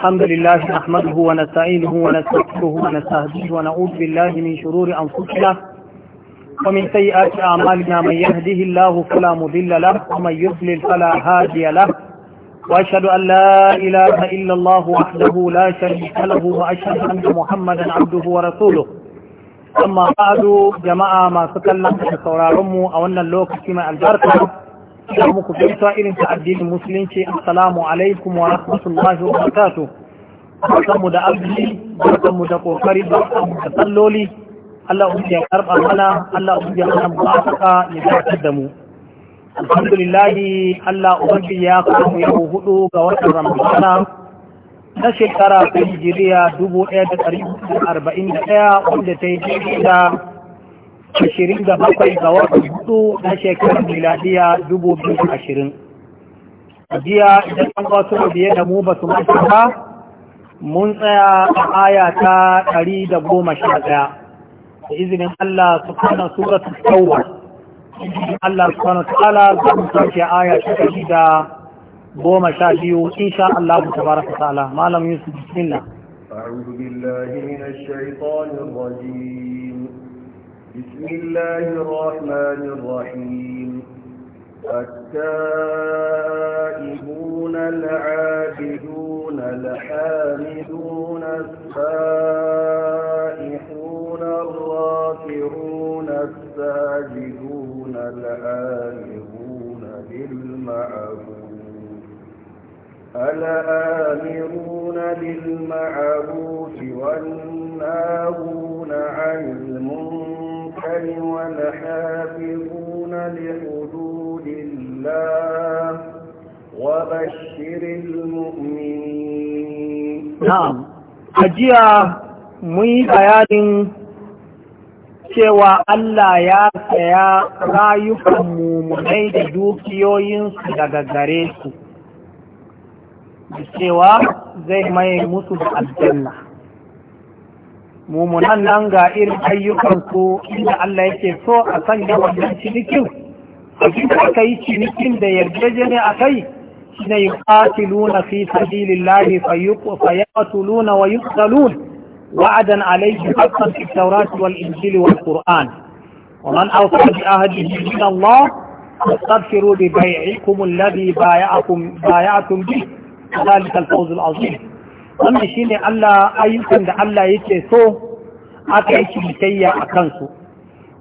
الحمد لله نحمده ونستعينه ونستغفره ونستهديه ونعوذ بالله من شرور أنفسنا ومن سيئات أعمالنا من يهده الله فلا مضل له ومن يضلل فلا هادي له وأشهد أن لا إله إلا الله وحده لا شريك له وأشهد أن محمدا عبده ورسوله أما بعد جماعة ما تكلمت في سورارمو أو أن اللوك كما البركة da muku gaisuwa irin ta addinin musulunci assalamu alaikum wa rahmatullahi wa barakatuh barkanmu da arziki barkanmu da kokari barkanmu da salloli Allah ubi ya karba mana Allah ubi ya mana mu'afaka ya dakatar da mu alhamdulillah Allah ubi ya karbu ya hudu ga watan Ramadana na shekara ta Hijiriya 1441 wanda ta yi da ashirin da bakwai ga wata hudu na shekarar miladiya dubu biyu da ashirin jiya idan an wasu biye da mu ba su mutu ba mun tsaya a aya ta ɗari da goma sha ɗaya da izinin Allah su kana suratul tauba izinin Allah su kana ta'ala za mu sauke aya ta ɗari da goma sha biyu insha Allah mu tabaraka ta'ala malam yusuf bismillah أعوذ بالله من الشيطان الرجيم بسم الله الرحمن الرحيم التائبون العابدون الحامدون السائحون الرافعون الساجدون العامرون بالمعروف الآمرون بالمعروف والناهون عن المنكر الحي والحافظون لحدود الله وبشر المؤمنين نعم أجيا مي بيان cewa Allah ya saya rayukan mummunai da dukiyoyinsu daga gare su, cewa zai maye musu da aljanna. mumunan nan ga irin ayyukansu inda Allah yake so a sanya wannan cinikin abinda aka yi cinikin da yarjejene a kai shi ne yuqatiluna fi sabilillahi fayaqtuluna wa yuqtalun wa'adan alayhi haqqan fi tawrat wal injil wal qur'an wa man awfa bi ahdihi min Allah fastaghfiru bi bai'ikum alladhi bai'akum bai'atum bi ذلك الفوز العظيم wannan shine Allah ayyukan da Allah yake so aka yi cinikayya a kansu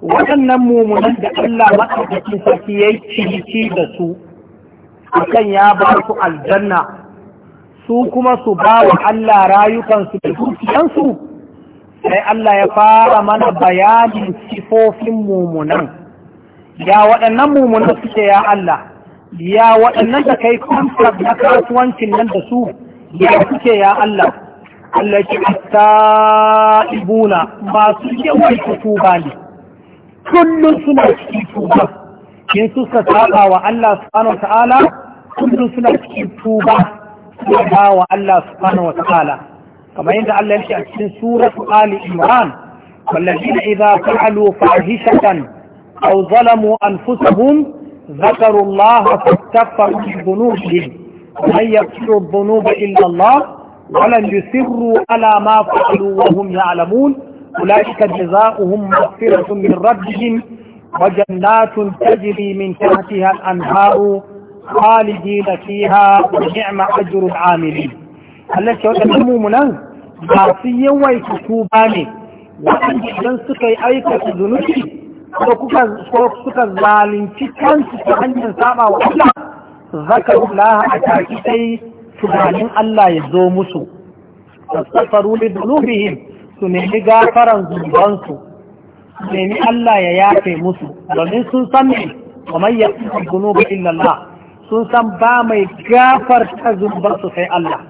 waɗannan mumunan da Allah maɗaukakin sarki ya yi ciniki da su akan ya ba su aljanna su kuma su ba wa Allah rayukansu da zuciyansu? sai Allah ya fara mana bayanin sifofin mumunan ya waɗannan mummunan suke ya Allah ya waɗannan da kai kwamfar na kasuwancin nan da su ya kuke ya Allah Allah ce ta'ibuna masu yawan ba ne kullum suna cikin tuba in suka saba wa Allah subhanahu kullum suna cikin tuba suna wa Allah subhanahu kamar yadda Allah ya ce a cikin suratul Ali Imran والذين إذا fa'alu فاحشة أو ظلموا أنفسهم ذكروا الله فاستغفروا لذنوبهم ومن يغفر الذنوب إلا الله ولن يسروا على ما فعلوا وهم يعلمون أولئك جزاؤهم مغفرة من ربهم وجنات تجري من تحتها الأنهار خالدين فيها ونعم أجر العاملين التي تسمو منا معصية ويكتوباني وأن إذن سكي أيكة ذنوبي ko suka zalunci kansu ta hanyar saba wa Allah zakaru laha a taki sai tunanin Allah ya zo musu tasfaru li dhunubihim su nemi gafaran zunubansu su nemi Allah ya yafe musu domin sun san ne kamar ya illa illallah sun san ba mai gafarta zunubansu sai Allah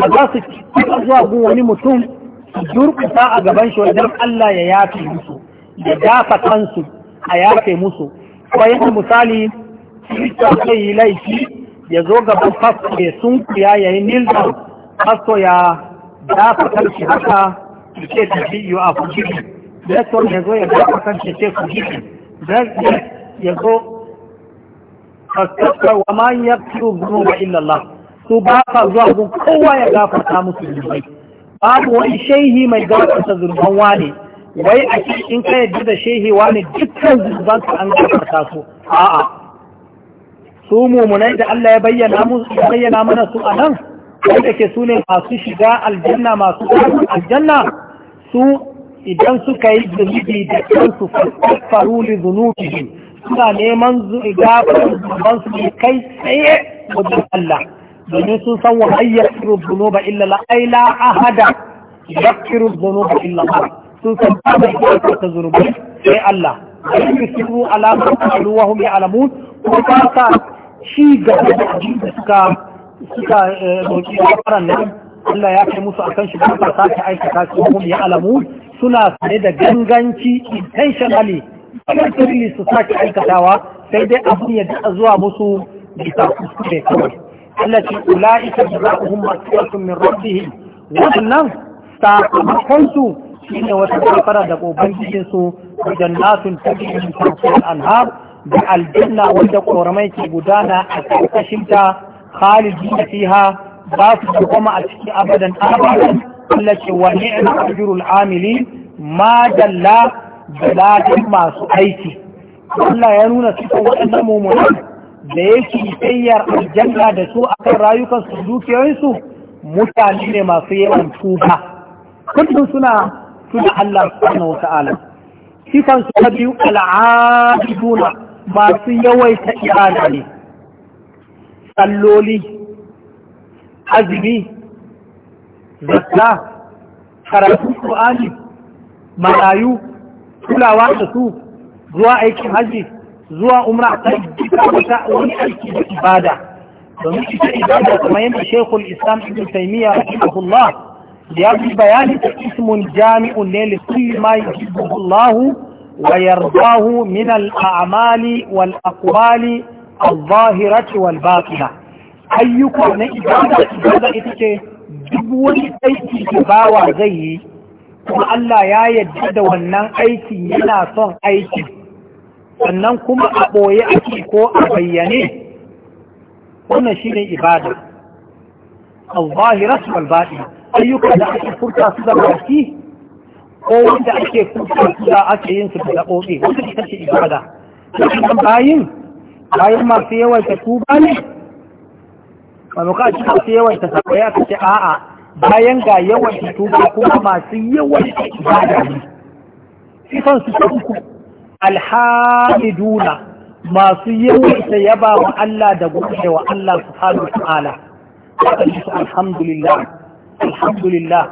ba za su taɓa zuwa gun wani mutum su durƙusa a gaban shi wajen Allah ya yafe musu ya dafa kansu a yafe musu. Bayan misali ta zai yi laifi ya zo gaban fasto ya kuya ya yi nilda fasto ya dafa kanshi haka ke ce tafi yi a fujiki vestor ya zo ya dafa kanshi ke fujiki fujiki ya zo fastasar wa ma ya fito gudun wa illallah su ba ka zuwa gun kowa ya gafarta musu Ba babu wani shehi mai gafarta zunuban ne. wai a cikin ka yadda da shehi wane dukkan zunubanka an gafarta su a'a su mumunai da Allah ya bayyana mana su a nan wanda ke su ne masu shiga aljanna masu aljanna su idan suka yi zunubi da kansu faru ne zunubi suna neman gafarar zunuban su ne kai tsaye wajen Allah domin sun san wa ayyar kiru ba illa la aila ahada yakiru zunuba illa la sun san ba mai ta zunubi sai Allah. Wani kisiru alamar aluwa hum ya alamun ko ba sa shi ga da abin suka suka eh, roƙi nan Allah ya kai musu akan shi ba sa ta aikata su ya alamu suna sane da ganganci intentionally intentionally su sake aikatawa sai dai abin ya da zuwa musu ta kuskure kawai Allah ce ula'ika jazaohum maghfiratun min rabbihim wannan sakamakon shi shine wata kafara da ubangijin su jannatun tajri min tahtiha al-anhar da aljanna wanda koramai ke gudana a ƙarƙashin ta khalidi da fiha ba su kuma a ciki abadan abadan allace wa ni'ma ajrul amili ma dalla masu aiki Allah ya nuna su waɗannan mummunan da yake tsayyar aljanna da su akan rayukan su dukiyoyinsu mutane ne masu yawan tuba kullum suna tuna Allah subhanahu wa ta'ala sifan su ta biyu al'abiduna masu yawaita ibada ne salloli azumi zakka karatun qur'ani marayu kulawa da su zuwa aikin hajji zuwa umra ta wata wani aiki da ibada domin ita ibada kamar yadda shekul islam ibn taymiya rahimahullah ya fi bayani ta ismun jami'un ne li kulli ma yuhibbu Allahu ويرضاه من الأعمال والأقوال الظاهرة والباطنة أيكم إجازة إجازة إتكي دبول أيكي كباوة زي kuma Allah ya yadda da wannan aiki, yana son aiki sannan kuma a ɓoye ake ko a bayyane wannan shi ne ibada al ayyuka da ake furta baki ko wanda ake kusa ake yin su da zaɓoɓe wanda ita ce ibada wannan bayin bayan masu yawaita tuba ne ba mu ka ci masu yawaita sakwai aka ce a'a bayan ga ta tuba kuma masu yawaita ibada ne sifan su ta uku alhamiduna masu yawaita yaba wa Allah da gode wa Allah subhanahu wa ta'ala alhamdulillah alhamdulillah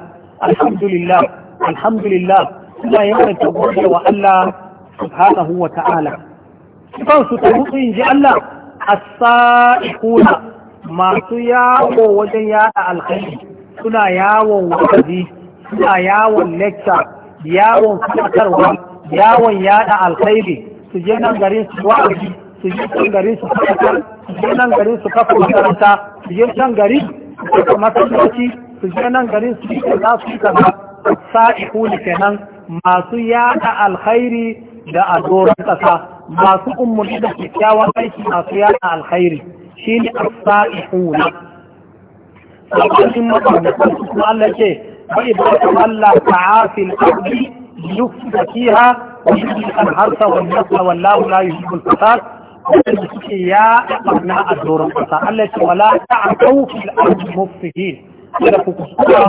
alhamdulillah alhamdulillah suna yawan tabbata wa Allah subhanahu wa ta'ala kansu ta hudu in ji Allah as-sa'iquna masu yawo wajen yada alkhairi suna yawon wa'azi suna yawon lecture yawon fadakarwa yawon yada alkhairi su je nan garin su wa'azi su je nan garin su fadakar su je nan garin su kafa makaranta su je nan garin su kafa masallaci su je nan garin su yi kaza su yi kaza sa'ihuni kenan masu yada alkhairi da a doron ƙasa masu umarni da kyakkyawan aiki masu yada alkhairi shi ne a sa'ihuni sabanin makarnatar kuma Allah ce ba ibrahim Allah ta'afil ardi yufta fiha wa yuhyi al-harsa wal nasla wallahu la yuhibbu al-fasad wanda suke ya barna a doron ƙasa Allah ce wala ta'afu fil ardi mufsidin kada ku kuskura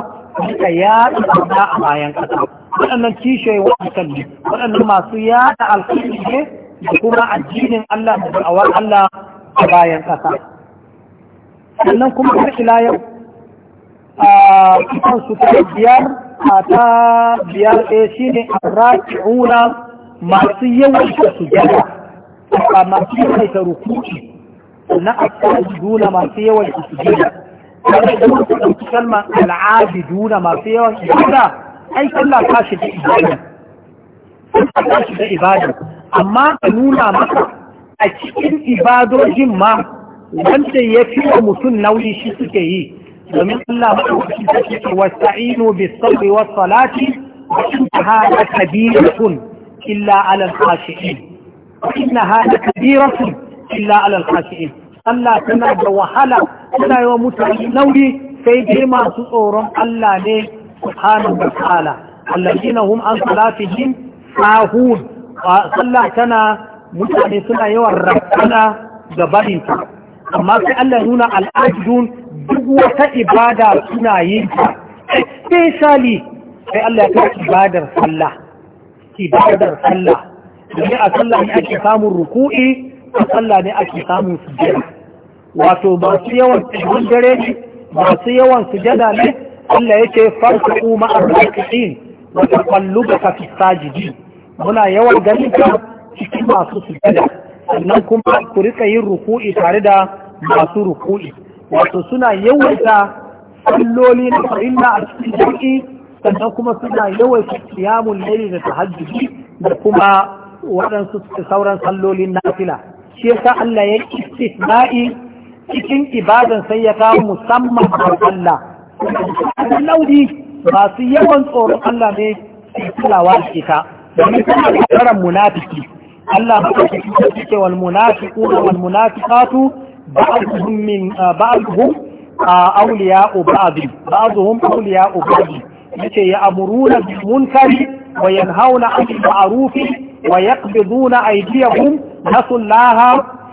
suka yaɗa ƙasa a bayan kasa. waɗannan kishiyoyi waɗancan ne waɗannan masu yaɗa alkhairi ne da kuma addinin Allah da ba'awar Allah a bayan kasa. sannan kuma har ila yau a kan su ta biyar a ta biyar ɗaya eh, shine una masu yawaita a masu yawaita rukuki na asali masu su sujada wanda da muka masu yawan ibada ai sallah ta ibada ta shiga ibada amma ka nuna maka a cikin ibadojin ma wanda ya fi wa mutum nauyi shi suke yi domin Allah maɗaukaki ta ce wasta'inu bis sabri was salati wa innaha lakabiratun illa ala al-khashi'in illa ala al Allah tana da wahala tana yi wa mutane nauyi sai dai masu tsoron Allah ne subhanahu Allah ta'ala allazina hum an salatihim sahun sallah tana mutane suna yawan rabbana da barinta amma sai Allah nuna al'ajun duk wata ibada suna yin ta especially sai Allah ya ibadar sallah ibadar sallah domin a sallah ne ake samun ruku'i a sallah ne ake samun sujjada wato masu yawan tsibin dare ne masu yawan sujada ne Allah ya ce farko ma'ar raki'in wata kwallo ga kafi sajidi muna yawan ganin ka cikin masu sujada sannan kuma ku rika yin ruku'i tare da masu ruku'i wato suna yawaita salloli na farilla a cikin jami'i sannan kuma suna yawaita kiyamun laili da tahajjudi da kuma waɗansu sauran na nafila shi yasa Allah ya istisna'i cikin ibadan sai ya kawo musamman a Allah masu yawan tsoron Allah ne ke kulawa da ita domin suna da munafiki Allah ba ta cikin wal wal yace ya amuruna bil munkari wa yanhauna 'anil ma'ruf wa yaqbiduna aydiyahum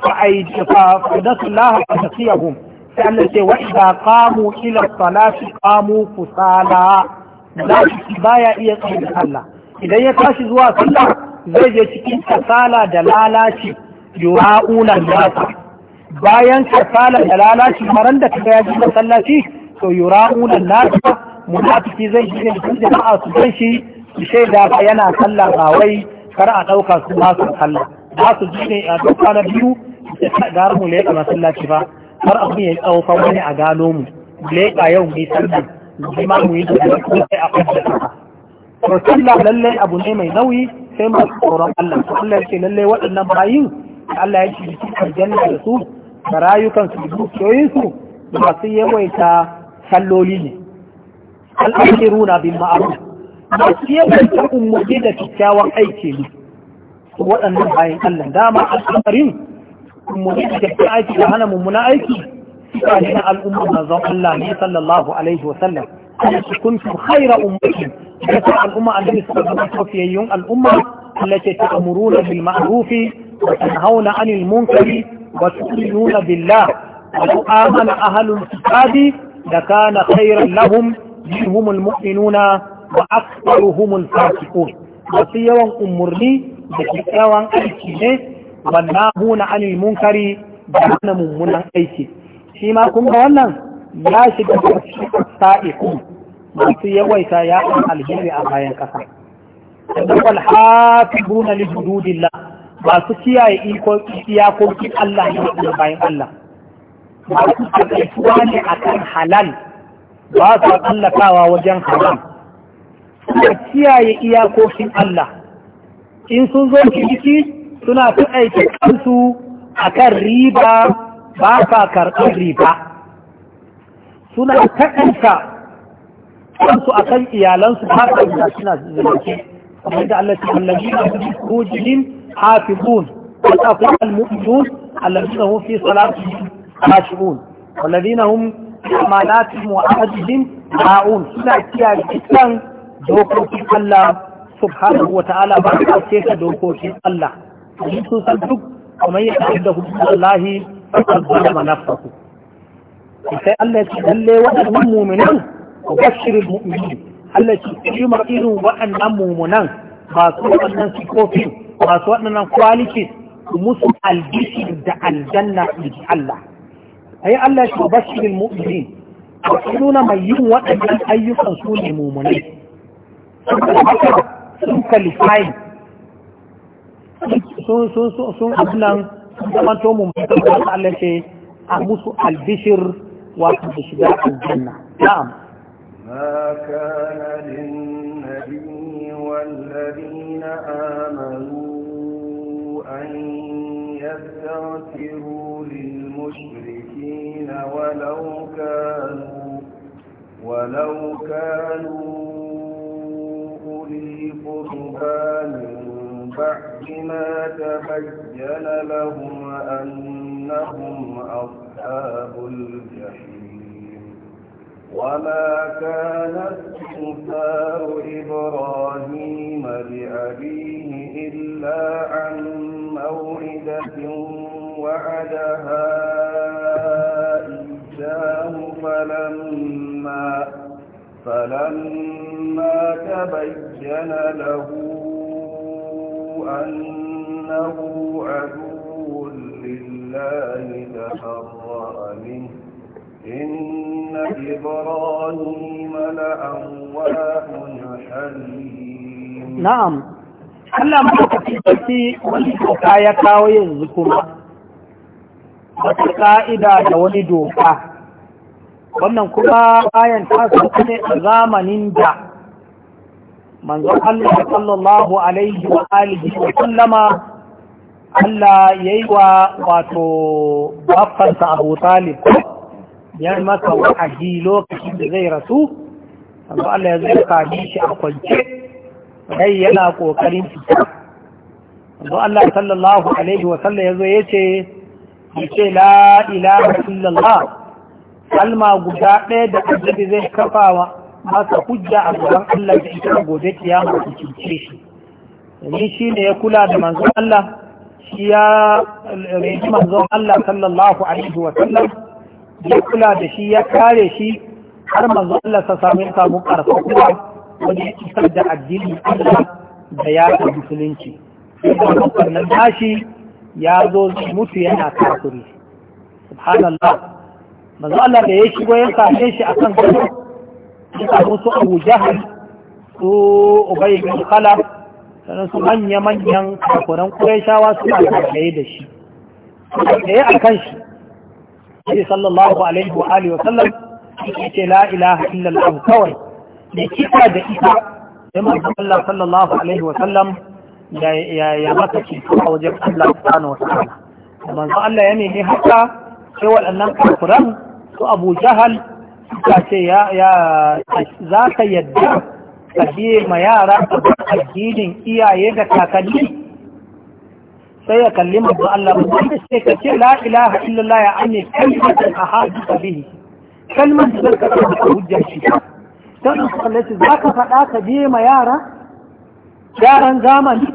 فنسوا الله فنسيهم فألا سي وإذا قاموا إلى الصلاة قاموا فصالا لا بايا إيه قيل الله إذا يتاشي زوا صلى زي يتكين كسالة دلالة يراؤون الناس bayan kasala da lalaci maran da kaga ya ji masallaci to yura'una nasa munafiki zai ji ne da jama'a su san shi su shaida ba yana sallah ba kar a ɗauka su basu su za su a na biyu gara mu leƙa masallaci ba har abin ya tsawo fa wani a gano mu leƙa yau mai sallan zai ma mu yi da kuma sai a kwanta to sallah lallai abu ne mai nauyi sai masu tsoron Allah to Allah yake lallai waɗannan bayin Allah ya ce cikin janna da su da rayukan su dukiyoyin su masu yawaita salloli ne al'amiruna bil ma'ruf masu yawaita umurni da kyakkyawan aiki ne waɗannan bayan Allah dama al'amarin mummuni da kyakkyar aiki da hana mummuna aiki suka ne na al'ummar manzon Allah ne sallallahu alaihi wa sallam su kuntum khaira ummati da ta al'umma annabi suka zama sofiyayyun al'umma allati ta'muruna bil ma'rufi wa tanhauna 'anil munkari wa tu'minuna billah wa law amana ahlul kitabi lakana khairan lahum minhum al-mu'minuna wa aktharuhum al-fasiqun wasu yawan umurni da kyakkyawan aiki ne wannahuna anil munkari da hana mummunan aiki shi ma kun ga wannan ya shiga cikin sa'iku masu yawaita ya san alheri a bayan ƙasa da wal hafibuna li hududillah masu kiyaye iyakokin Allah ne a bayan Allah masu takaituwa ne akan halal ba su tsallakawa wajen haram suna kiyaye iyakokin Allah in sun zo ciniki suna taƙaita kansu kan riba ba sa karɓar riba suna taƙaita kansu akan iyalansu ba sa riba suna zuzuke kamar da Allah cikin lalina ko jinin hafifun wata kuma al-mu'minun allazina hum fi salatihim khashi'un wallazina hum amanatihim wa ahadihim ra'un suna kiyaye dukkan dokokin Allah subhanahu wa ta'ala ba su ce dokokin Allah domin sun san duk kamar yadda inda hukumallahi fakar zalama nafsahu sai Allah ce lalle waɗannan mu'minan ku bashirin mu'minin Allah ce kimar irin waɗannan mu'minan masu waɗannan sifofin masu waɗannan kwalitis musu albishi da aljanna inji Allah Sai Allah ce bashirin mu'minin a nuna mai yin waɗannan ayyukan su ne mu'minai sun kalifayin sun sun sun abinan zaman to mun fata Allah ce a musu albishir wato da shiga aljanna na'am ma kana lin nabi wal ladina amanu an yastaghfiru lil mushrikeen walau kanu walau kanu أولي قربى من بعد ما تبين لهم أنهم أصحاب الجحيم وما كان استغفار إبراهيم لأبيه إلا عن موعدة وعدها إياه فلما فلما تبين له أنه عدو لله تحرأ منه إن إبراهيم لأواه حليم نعم Allah mafi baki wani doka ya kawo yanzu kuma wata ka'ida da wani doka wannan kuma bayan ta ne a zamanin da manzon Allah sallallahu alaihi wa alihi wa sallama Allah yayi wa wato bafansa Abu Talib ya masa wa'azi lokacin da zai rasu manzon Allah ya zai kaji shi a kwance kai yana kokarin fita manzon Allah sallallahu alaihi wa sallam yazo yace yace la ilaha illallah kalma guda ɗaya da annabi zai kafa wa ba hujja a gaban Allah da ita a gobe kiyama ku cuce shi domin shi ne ya kula da manzon Allah shi ya rage manzon Allah sallallahu alaihi wa sallam ya kula da shi ya kare shi har manzon Allah sa samu sami samu karfa kuma wani ya isar da addini Allah da ya ta musulunci wannan tashi ya zo mutu yana kafiri subhanallah manzo Allah da ya shigo ya same shi akan gado abin su abu jahal su ubai bin kala sannan su manya-manyan kakuran kuraishawa suna karkaye da shi karkaye a kan shi sai sallallahu alaihi wa alihi wasallam, sallam ce la ilaha illallah kawai da kika da ita sai manzon Allah sallallahu alaihi wa sallam ya masa ceto a wajen Allah subhanahu wa ta'ala manzon Allah ya nemi haka sai waɗannan kakuran su Abu Jahal ta ce ya za ka yadda ka biye ma yara ka addinin iyaye da kakanni sai ya kalli mazu Allah ba wanda ce ka ce la ilaha illallah ya ne kalmatin a haɗu ka bihi kalmar da ka ce da hujjar shi don su kallaci za ka faɗa ka biye ma yara yaran zamani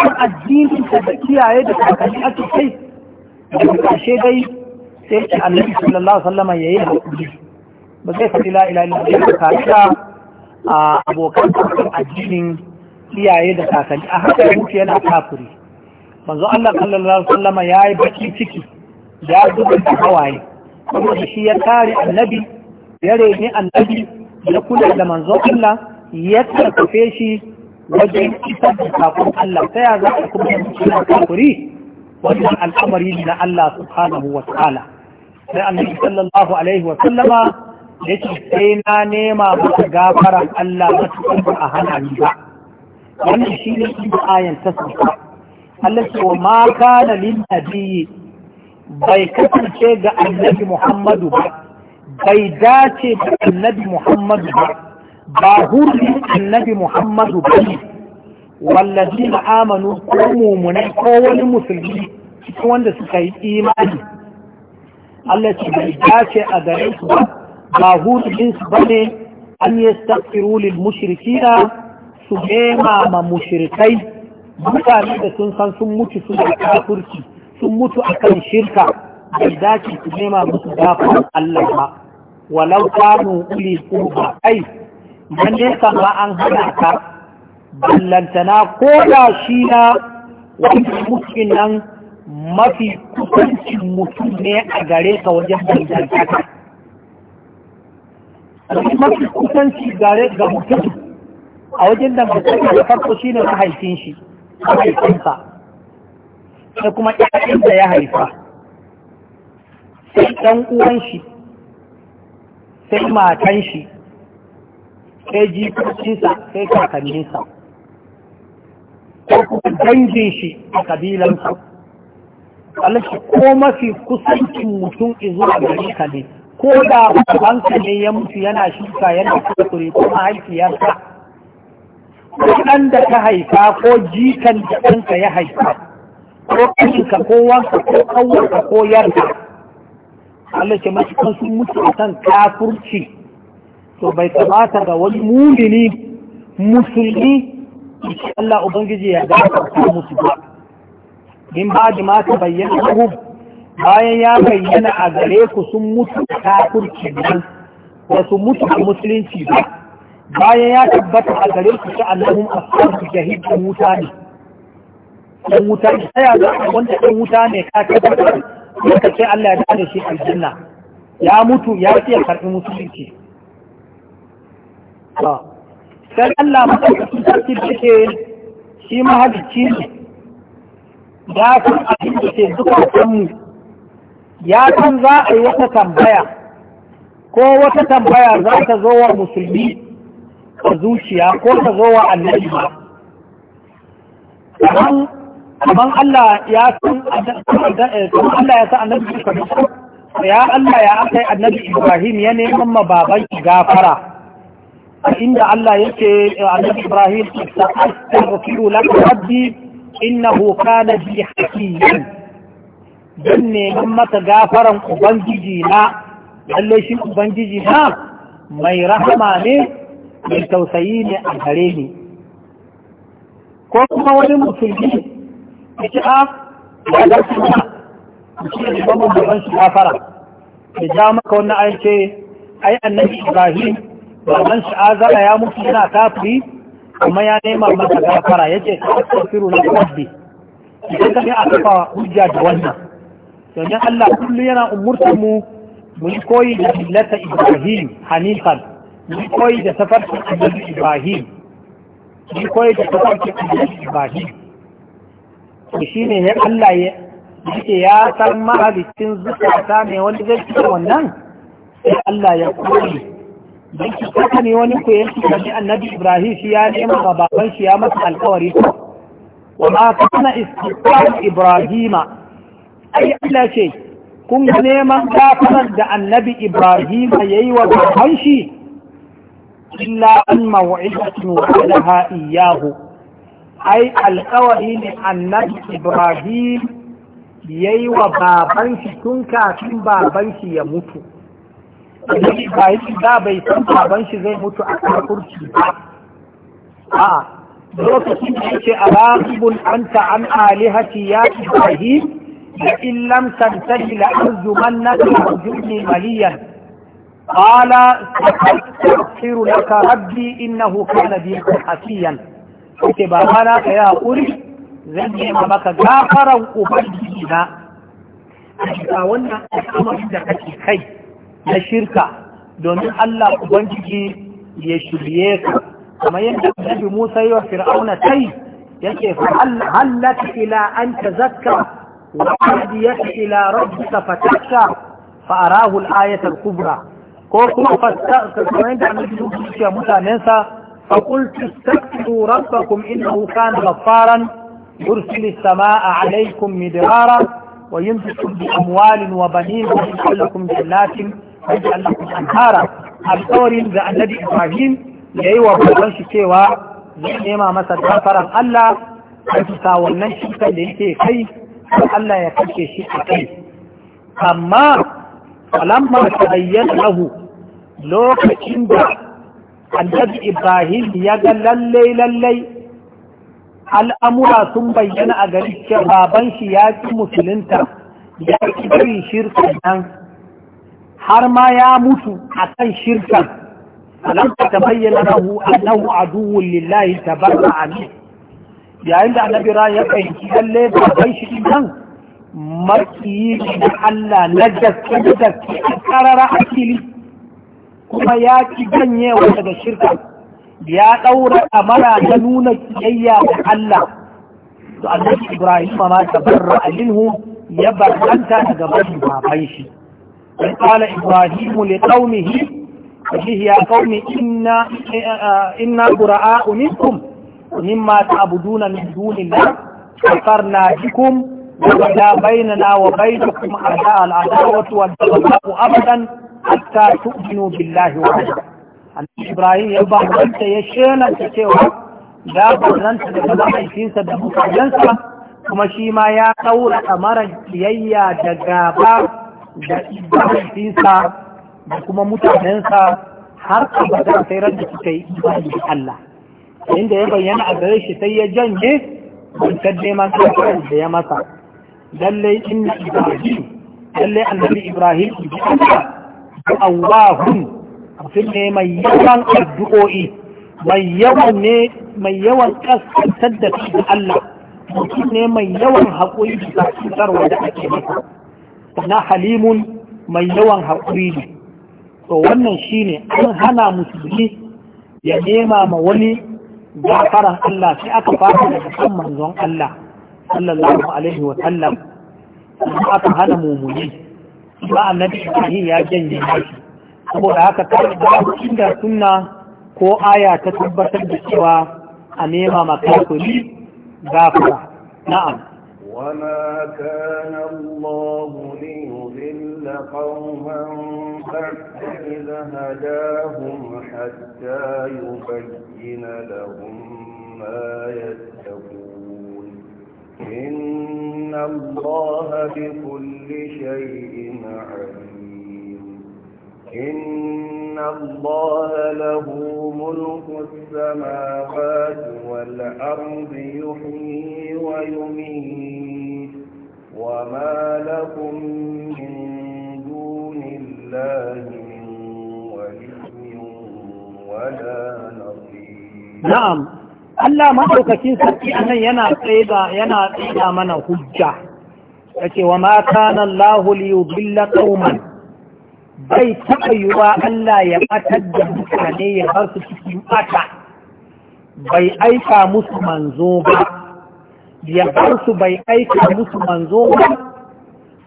ka addinin ka da iyaye da kakanni ake kai da kashe dai sai ce annabi sallallahu alaihi wasallam yayi hakuri ba zai faɗi la ilaha illallah ba tare da abokan addinin iyaye da kakanni a haka yake yana kafiri manzo Allah sallallahu alaihi ya yi baki ciki ya zuba da hawaye saboda shi ya kare annabi ya rene annabi ya kula da manzo Allah ya karfafe shi wajen isar da sakon Allah ta ya za a kuma yi kafiri wannan al'amari na Allah subhanahu wa ta'ala sai annabi sallallahu alaihi wa sallama yake sai na nema maka gafaran Allah matuƙar a hana ni ba wannan shine inda ayan ta sauka Allah ce wa ma kana lin nabiyyi bai kasance ga annabi Muhammadu ba bai dace ga annabi Muhammadu ba ba hurri annabi Muhammadu ba ne wallazi na amanu ko mumunai ko wani musulmi cikin wanda suka yi imani Allah ce bai dace a gare su ba ba hurin su ba ne an yi stafiru lil mushrikina su nema ma mushrikai mutane da sun san sun mutu su da kafirci sun mutu akan shirka bai dace su nema musu gafar Allah ba walau kanu uli kurba ai man nesa an hana ka ballantana ko da shi na wani mutum nan mafi kusancin mutum ne a gare ka wajen dangantaka mafi kusanci gare ga mutum a wajen dangantaka da farko shi ne mahaifin shi mahaifinsa sai kuma ƴaƴan da ya haifa sai ɗan uwan shi sai matan shi sai jikinsa, sai kakanninsa ko kuma dangin shi a kabilansa Allah ko mafi kusancin mutum zuwa gare ka ne ko da hanka ne ya mutu yana shuka yana kuskure ko mahaifiyarsa ko ɗan da ka haifa ko jikan da ɗanka ya haifa ko ƙaninka ko wanka ko ƙawarka ko yarda Allah shi mafi sun mutu a kan kafurci to bai kamata ga wani mumini musulmi Allah Ubangiji ya gafarta musu ba min da ma bayyana lahum bayan ya bayyana a gare ku sun mutu kurki nan da sun mutu a musulunci ba bayan ya tabbata a gare ku ta annahum da hidin wuta ne dan wuta ne sai ga wanda dan wuta ne ka tabbata ka ce Allah ya dace shi aljanna ya mutu ya ce karbi musulunci sai Allah madaukakin sarki da ke shi mahalicci ne ya san abin da ke zukatanmu ya san za a yi wata tambaya ko wata tambaya za ta zo wa musulmi a zuciya ko ta zo wa annabi ba kaman Allah ya san Allah ya san annabi ya Allah ya aka annabi Ibrahim ya neman ma baban gafara inda Allah yake annabi Ibrahim sa'astaghfiru laka rabbi innahu kana bi hakiyin dan neman maka gafaran ubangiji na lalle shi ubangiji na mai rahama ne mai tausayi ne a gare ni ko kuma wani musulmi ya ci a ah, ya zarfi na musulmi ba mu gaban shi gafara ya ja maka wannan ai ce ai annabi ibrahim baban shi azara ya mutu yana kafiri amma ya nema masa gafara yace astaghfiru na rabbi idan ka a kafa hujja da wannan yanzu Allah kullu yana umurta mu mu yi koyi da millata Ibrahim hanifan mu yi koyi da safarkin annabi Ibrahim mu yi koyi da safarkin annabi Ibrahim shi ne ya Allah ya yake ya san mahalicin zukata ne wanda zai ci wannan sai Allah ya koyi don ne wani ku yanki annabi ibrahim shi ya nema ga baban shi ya masa alkawari wa ma kana istighfar ibrahima ai Allah ce kun ga neman gafarar da annabi ibrahim yayi wa baban shi illa an maw'idatun wa'adaha iyyahu ai alkawari ne annabi ibrahim yayi wa baban shi tun kafin baban shi ya mutu annabi ba da bai san baban shi zai mutu a kafurci ba a lokacin da yake arabun anta an alihati ya ibrahim la in lam tantahi la arjumannaka arjumni maliyan qala astaghfiru laka rabbi innahu kana bi hasiyan kace baba ka kai hakuri zan yi maka gafaran ubangiji na a wannan al'amarin da kake kai na shirka domin Allah Ubangiji ya shirye ka, kamar yadda Nabi Musa yi wa Fir'auna kai yake halatta ila an ta zakka, wani ya ta ila rabbuka fatakka fa arahu al-ayatul kubra ko kuma fasta kuma inda Nabi Musa yake mutanensa fa qultu istaghfiru rabbakum innahu kana ghaffaran yursilu as-samaa'a 'alaykum midrara wa yumsiku bi amwalin wa banin wa yaj'alukum jannatin sai Allah ya kara alƙawarin da annabi Ibrahim ya yi wa babban shi cewa zai nema masa tafaran Allah a bisa wannan shirkan da yake kai Allah ya kashe shi a kai amma falamma tabayyana lahu lokacin da annabi Ibrahim ya ga lallai lallai al'amura sun bayyana a gari cewa baban shi ya ci musulunta ya ci bari shirka nan har ma ya mutu a kan shirkan alam ta bayyana rahu annahu aduwwun lillahi tabarra amin. yayin da annabi ra ya fahimci lalle ba bai shi nan makiyi da Allah na gaske da gaske a karara akili kuma ya ki ganyewa daga shirka ya ɗaura mara ta nuna kiyayya da Allah to annabi Ibrahim ma tabarra minhu ya barkanta daga ba baban shi in ƙala ibrahimu le ƙaunihi a jihiya ƙauni ina ƙura'a unikum min mata abu duna min dunina ƙasar na jikum daga da bainana wa baita kuma a da al'ada wasu wadda ba ku abadan hatta su binu billahi wa ibrahim ya ba mutunta ya shirna ta cewa ya bazanta da gaba aikinsa da mutuyensa kuma shi ma ya ɗaura kamarar kiyayya da gaba da ibrahimsa da kuma mutanensa har abada sai ran da suka yi imani da Allah inda ya bayyana a gare shi sai ya janye wancan neman kafin da ya masa lallai inna ibrahim lallai annabi ibrahim Allahun mutum ne mai yawan addu'o'i mai yawan ne mai yawan kaskantar da Allah mutum ne mai yawan haƙuri da kaskantarwa da ake masa na halimun mai yawan haƙuri ne to wannan shine an hana musulmi ya nema ma wani zafaran Allah sai aka fara daga kan manzon Allah sallallahu alaihi wa sallam aka hana mumuni ba annabi Ibrahim ya janye shi saboda haka kai da inda sunna ko aya ta tabbatar da cewa a nema ma kafiri gafara na'am وما كان الله ليذل قوما بعد إذا هداهم حتى يبين لهم ما يتقون إن الله بكل شيء عليم إن الله له ملك السماوات والأرض يحيي ويميت وما لكم من دون الله من ولي ولا نصير نعم Allah maɗaukakin sarki a nan yana tsaida yana tsaida mana hujja, yake wa ma kana Allah li yudilla qauman bai taɓa yiwa Allah ya ɓatar da mutane ya bar su cikin ɓata bai aika musu manzo ba ya bar su bai aika musu manzo ba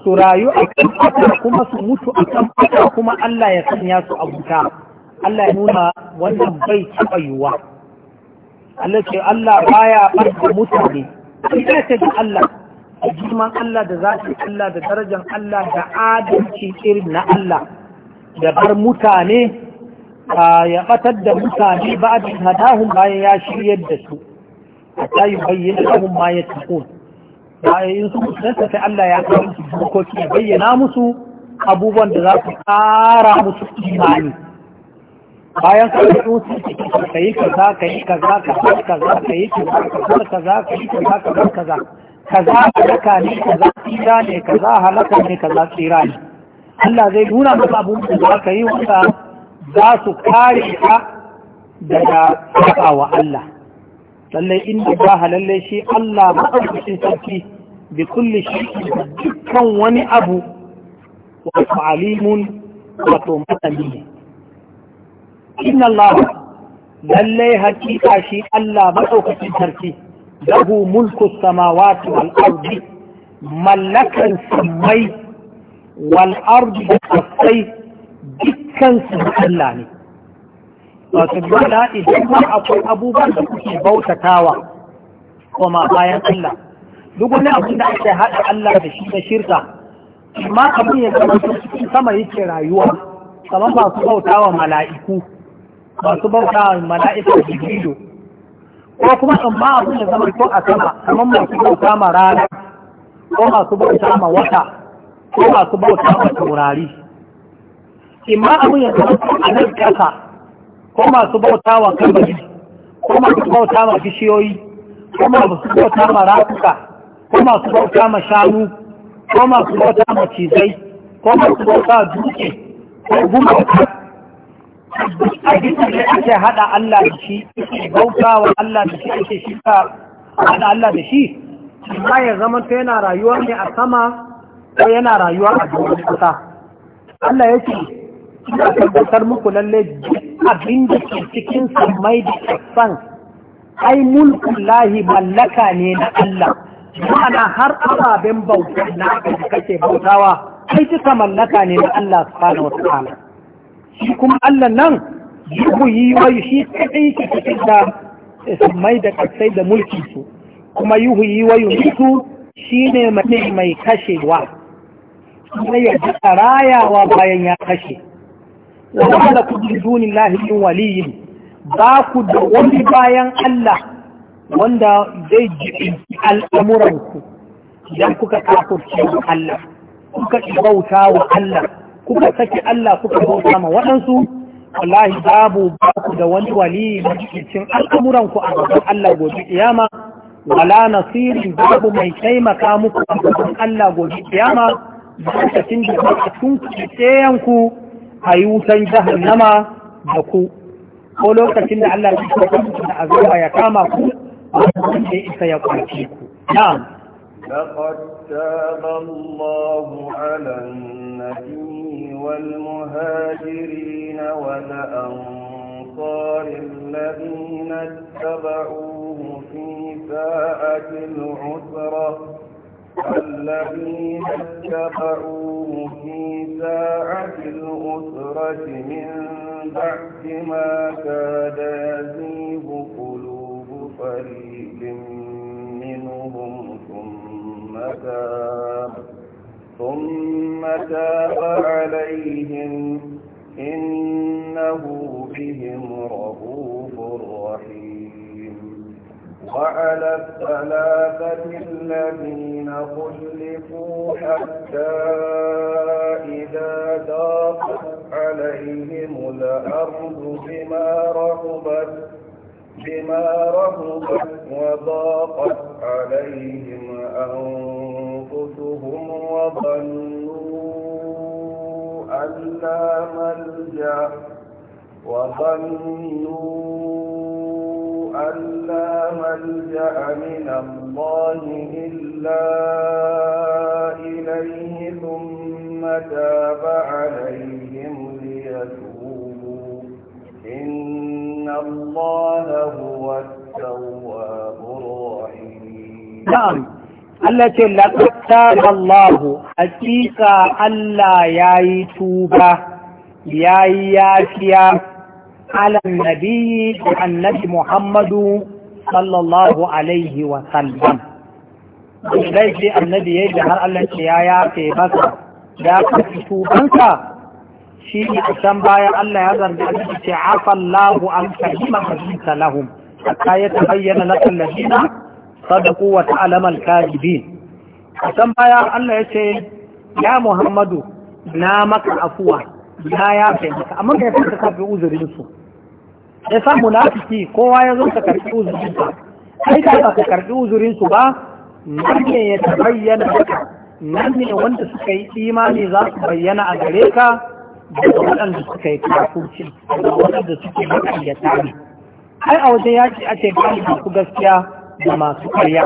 su rayu a kan ɓata kuma su mutu a kan ɓata kuma Allah ya sanya su a wuta Allah ya nuna wannan bai taɓa yiwa Allah ce Allah baya da mutane ina ce Allah da girman Allah da zafin Allah da darajan Allah da adalci irin na Allah da bar mutane ya batar da mutane ba a hadahun bayan ya shiryar da su a tayi bayyana abun ma ya tafi bayan su musulunta sai Allah ya kawo su dokoki ya bayyana musu abubuwan da za su ƙara musu imani bayan ka yi rusu ka yi kaza ka yi kaza ka yi kaza ka yi kaza ka yi kaza ka yi kaza ka yi kaza kaza halaka ne kaza tsira ne kaza halaka ne kaza tsira ne Allah zai nuna maka abun da za ka yi wanda za su kare ka daga saba wa Allah lallai inda ba halallai shi Allah ba ɗaukacin sarki bi kulli shi dukkan wani abu wato alimun wato matsali ne inna Allah lallai hakika shi Allah ba ɗaukacin sarki lahu mulku samawati wal ardi mallakan samai wal ardi da dukkan su Allah ne wato dole idan ma akwai abubuwan da kuke bautatawa kuma bayan Allah duk wani abu da ake haɗa Allah da shi da shirka amma abin ya zama cikin sama yake rayuwa kamar masu bautawa mala'iku masu bautawa mala'ikar jibrilu ko kuma in ba abin da zama ko a sama kamar masu bauta ma rana ko masu bauta ma wata ko masu bauta ma taurari in ma abin ya zama ko a nan kasa ko masu bauta wa kabari ko masu bauta ma bishiyoyi ko masu bauta ma rafuka ko masu bauta ma shanu ko masu bauta ma cizai ko masu bauta duke ko gumaka ake haɗa Allah da shi bauta wa Allah da shi ake shi ka haɗa Allah da shi amma ya zama ta yana rayuwa ne a sama ko yana rayuwa a jirgin kusa Allah yake ina tabbatar muku lalle abin da ke cikin samai da kasan ai mulkun lahi mallaka ne na Allah ma'ana har ababen bauta na kake bautawa ai duka mallaka ne na Allah subhanahu wa ta'ala shi kuma Allah nan yuhuyi shi yushi kadai ke cikin da sammai da ƙasai da mulki su kuma yuhuyi wa yumitu shine mutum mai kashewa kuma ya daɗa rayawa bayan ya kashe wa wanda ku bi dunin lahirin waliyin ba ku da wani bayan Allah wanda zai ji al'amuranku idan kuka kafurce wa Allah kuka bauta wa Allah kuka saki Allah kuka bauta ma waɗansu wallahi babu ku da wani wali cikin al'amuran ku a gaban Allah gobe kiyama wala nasirin babu mai taimaka muku a gaban Allah gobe kiyama lokacin da kuka tunkuɗe tsayen ku a yi wutan jahannama da ku ko lokacin da Allah ya kuka da azaba ya kama ku wanda ya isa ya kwanci ku na'am لقد تاب الله على النبي والمهاجرين والأنصار الذين اتبعوه في ساعة العسرة الذين اتبعوه في ساعة الأسرة من بعد ما كاد يزيغ قلوب فريق تاب ثم تاب عليهم إنه بهم رؤوف رحيم وعلى الثلاثة الذين خلفوا حتى إذا ضاقت عليهم الأرض بما رحبت بما رهبت وضاقت عليهم أنفسهم وظنوا أن لا ملجأ وظنوا أن لا ملجأ من الله إلا إليه ثم تاب عليهم ليتوبوا Na’am, Allah ce laƙasta Allahu, Allah ya yi tuba, ya yi yafiya, alam annabi Muhammadu sallallahu Alaihi annabi ya har Allah ya yafe masa, ya fi tubanka. shi ne a can bayan Allah ya zargi a cikin ce afallahu an kalima a cikin A hatta ya bayyana na tallafina sadaku wa ta'alamal kajibi a can bayan Allah ya ce ya Muhammadu na maka afuwa na ya maka amma kai ka karbi uzurin su ya sa munafiki kowa ya zo ka karbi uzurin sa kai ka ka karbi uzurin su ba nan ne ya ta tabayyana nan ne wanda suka yi imani za su bayyana a gare ka daga waɗanda suka yi kafurci daga waɗanda suke makayyata ne ai a wajen a ce gani masu gaskiya da masu karya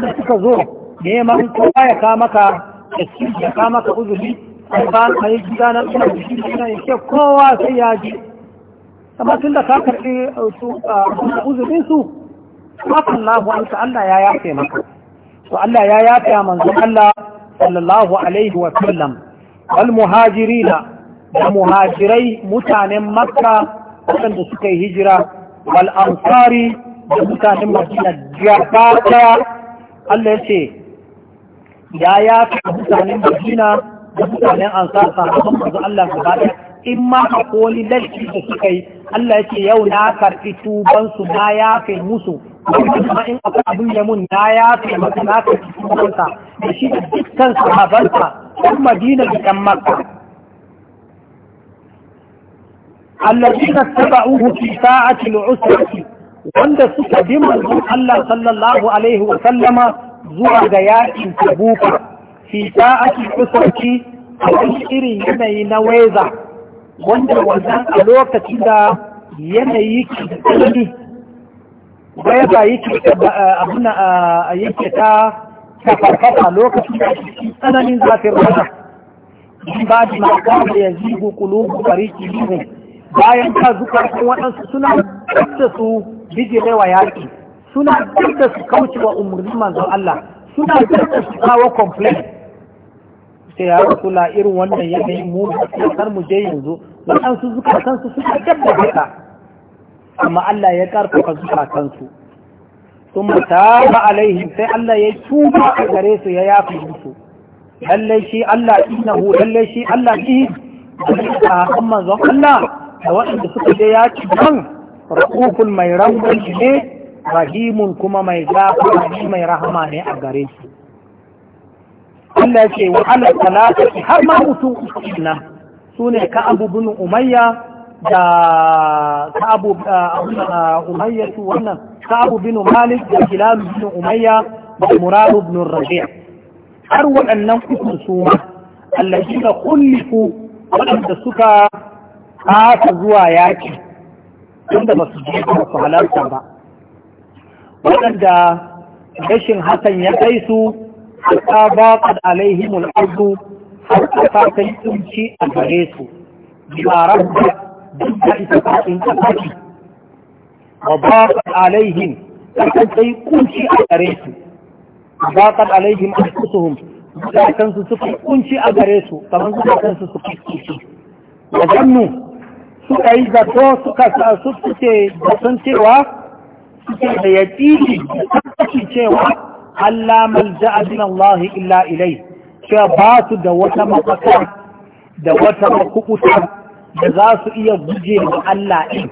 da suka zo neman kowa ya kama ka excuse ya kama ka uzuri an ba ka yi gida na ina jiki da ina yake kowa sai ya ji amma tun da ka karɓi uh, uh, uzurin su haka Allah an Allah ya yafe maka to Allah ya yafe manzon Allah sallallahu alaihi wa sallam wal muhajirina da muhajirai mutanen makka waɗanda suka yi hijira wal ansari da mutanen madina gaba daya Allah ya ce ya ya ta mutanen madina da mutanen ansar sahabban manzo Allah gaba daya in ma ka koli lalci da suka yi Allah ya ce yau na karfi tubansu su na yafe musu kuma in akwai abin ya mun na yafe masu na karɓi tubansa da shi da dukkan sahabansa ɗan madina da ɗan makka الذين اتبعوه في ساعة العسرة wanda suka bi manzon Allah sallallahu alaihi wa sallama zuwa ga yakin Tabuka fi sa'ati usrati a wani irin yanayi na weza wanda wannan a lokacin da yanayi ke tsani weza yake abuna yake ta tafarfafa lokacin da ke tsananin zafin rana ba da makar da ya zigo kulubu fariki minhum bayan ka kan waɗansu suna da su bijire wa yaƙi suna da su kauce wa umarnin manzan Allah suna da su kawo komplain sai ya rasu la irin wannan yanayin mu kar mu je yanzu waɗansu zukar su suna dabba haka amma Allah ya karfafa zukatan su sun ba alaihi sai Allah ya tuba a gare su ya yafi musu lallai shi Allah i lallai shi Allah shi Allah manzon Allah da waɗanda suka je yaki nan rukukun mai rangon ne rahimun kuma mai gafara ne mai rahama ne a gare shi Allah ce wa ala talata har ma mutu uku nan su ne ka abubuwan umayya da ka abu umayya su wannan ka abu bin malik da hilalu bin umayya da muradu bin rabi'a har waɗannan uku su ma allazi ka kullifu waɗanda suka kasa zuwa yaki tunda ba su je ba su halarta ba waɗanda rashin hakan ya kai su ta ƙad alaihimul ardu har ƙasa ta yi tsunci a gare su yaran da duk da ita faɗin ƙasa ce wa ƙad alaihim ƙasar ta yi kunci a gare su ƙad alaihim a kusuhun kansu suka yi kunci a gare su kamar kansu suka yi kunci da zannu suka yi zato suka suke sun cewa suke da yaƙini tabbacin cewa Allah malja abin Allah illa ilai cewa ba su da wata mafaka da wata makukuta da za su iya guje ma Allah in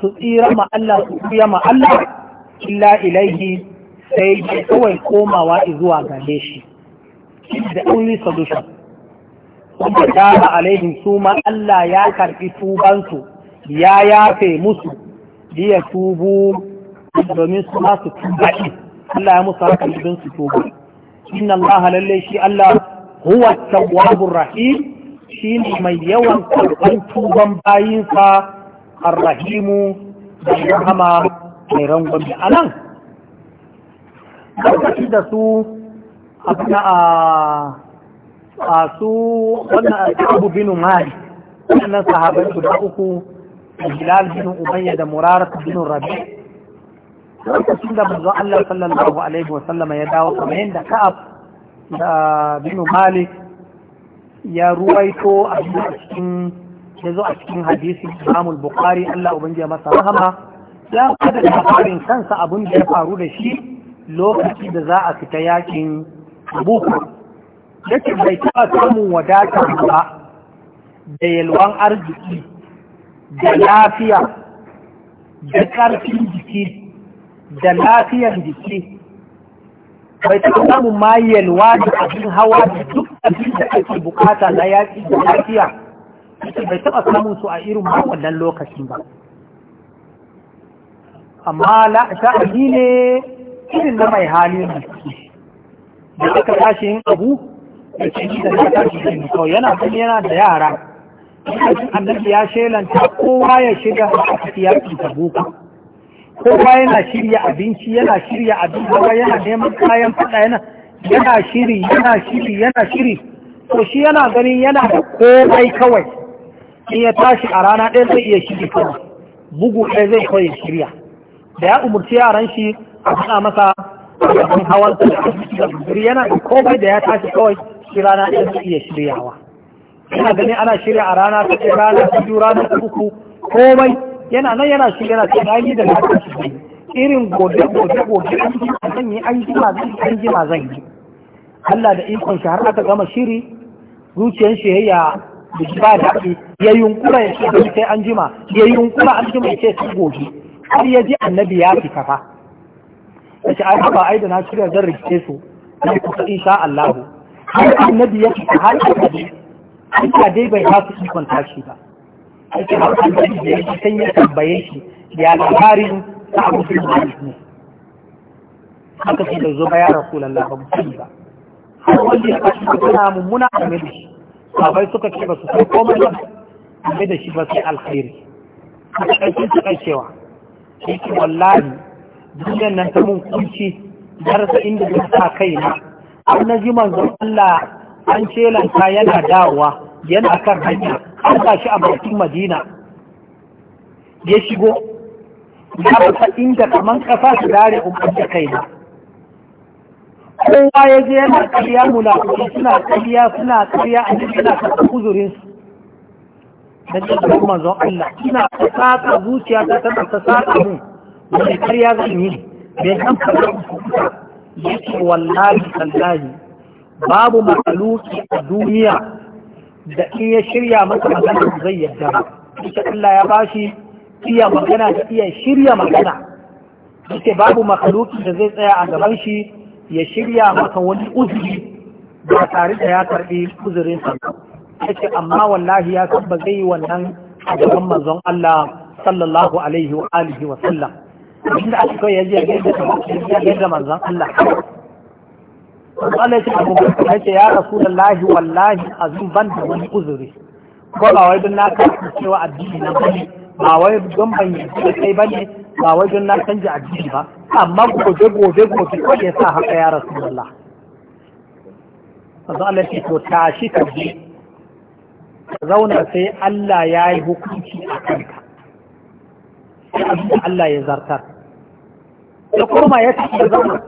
su tsira ma Allah su kuya ma Allah illa ilaihi sai kawai komawa zuwa gare shi the only solution kuma dama alaihim su ma Allah ya karɓi tubansu ya yafe musu liya tubu domin su ma su tuba Allah ya musu haka idan su inna Allah lalle shi Allah huwa tawwabur rahim shine mai yawan karɓan tuban bayinsa arrahimu da rahama mai rangwami a nan lokaci da su a a su wannan abu binu mali wannan sahabai guda uku hilal binu ubayya da murar binu rabi lokacin da manzo Allah sallallahu alaihi wa ya dawo kamar yadda ka'ab da binu mali ya ruwaito a cikin ya zo a cikin hadisi Imam Bukhari Allah jiya masa rahama ya kada labarin kansa abun da ya faru da shi lokaci da za a fita yakin abubuwa yake bai taɓa samun wadatar ba da yalwan arziki da lafiya da ƙarfin jiki da lafiyar jiki bai taɓa samun ma yalwa da abin hawa da duk abin da ake bukata na yaƙi da lafiya bai taɓa samun su a irin wannan lokacin ba amma sha'ani ne irin na mai hali da aka tashi yin abu da yana da yara annabi ya shelanta kowa kayan fada yana yana yana shiri yana shiri to shi in ya tashi a rana ɗaya zai iya shiri kawai bugu ɗaya zai kawai shirya da ya umarci yaran shi a faɗa masa abin hawan da yana da komai da ya tashi kawai shi rana ɗaya iya shiryawa ina gani ana shirya a rana ta ɗaya rana ta biyu rana ta uku komai yana nan yana shirya na cikin ayi da lafiya shi irin gobe gobe gobe an ji zan yi an jima zan yi an jima zan yi Allah da ikon shi har aka gama shiri zuciyar shi ya da ji ba daɗi ya yunkura ya ce sai an jima ya yunkura an jima ya ce sai gobe har ya ji annabi ya fi kafa ya ce ai ba ai da na shirya zan rikice su na kusa sha allahu. har annabi ya fita har annabi Allah dai bai ba su ikon tashi ba ake har annabi da ya san ya tambaye shi ya labarin ta abu da malik ne haka shi da zo ba ya rasulullah ba mutum ba har wanda ya kashi da suna mummuna a game da shi babai suka ce ba su san komai ba game da shi ba su yi alkhairi a cikin su kai cewa shi wallahi duniyar nan ta mun kunci darasa inda zai sa na. an na ji manzon Allah an shelanta yana dawowa yana kan hanya an ba shi a bakin madina ya shigo ya rasa inda kaman kasa su dare umar da kai ba kowa ya je yana kariya kuma suna kariya suna kariya a cikin yana kasa kuzurin su dan da kuma manzon Allah suna ta saka zuciya ta tana ta saka mun wani kariya zan yi bai san kusa. yake wallahi sallahi babu makaluki a duniya da in ya shirya masa magana zai yarda ba ita Allah ya bashi iya magana da iya shirya magana yake babu makaluki da zai tsaya a gaban shi ya shirya maka wani uzuri ba tare da ya karbi uzurin sa yake amma wallahi ya san zai yi wannan a gaban manzon Allah sallallahu alaihi wa alihi wa sallam abinda aka kai ya je ya gaida manzon Allah Allah ya abu ya ce ya rasulullahi wallahi azum ban da wani uzuri ko ba wai don na kasu cewa addini na ne ba wai don ban yi da kai ba ne ba wai don na canja addini ba amma gobe gobe gobe ko ya sa haka ya rasulullah manzo Allah ce to tashi ka je ka zauna sai Allah ya yi hukunci a kanka sai abin Allah ya zartar ya koma ya ci da zama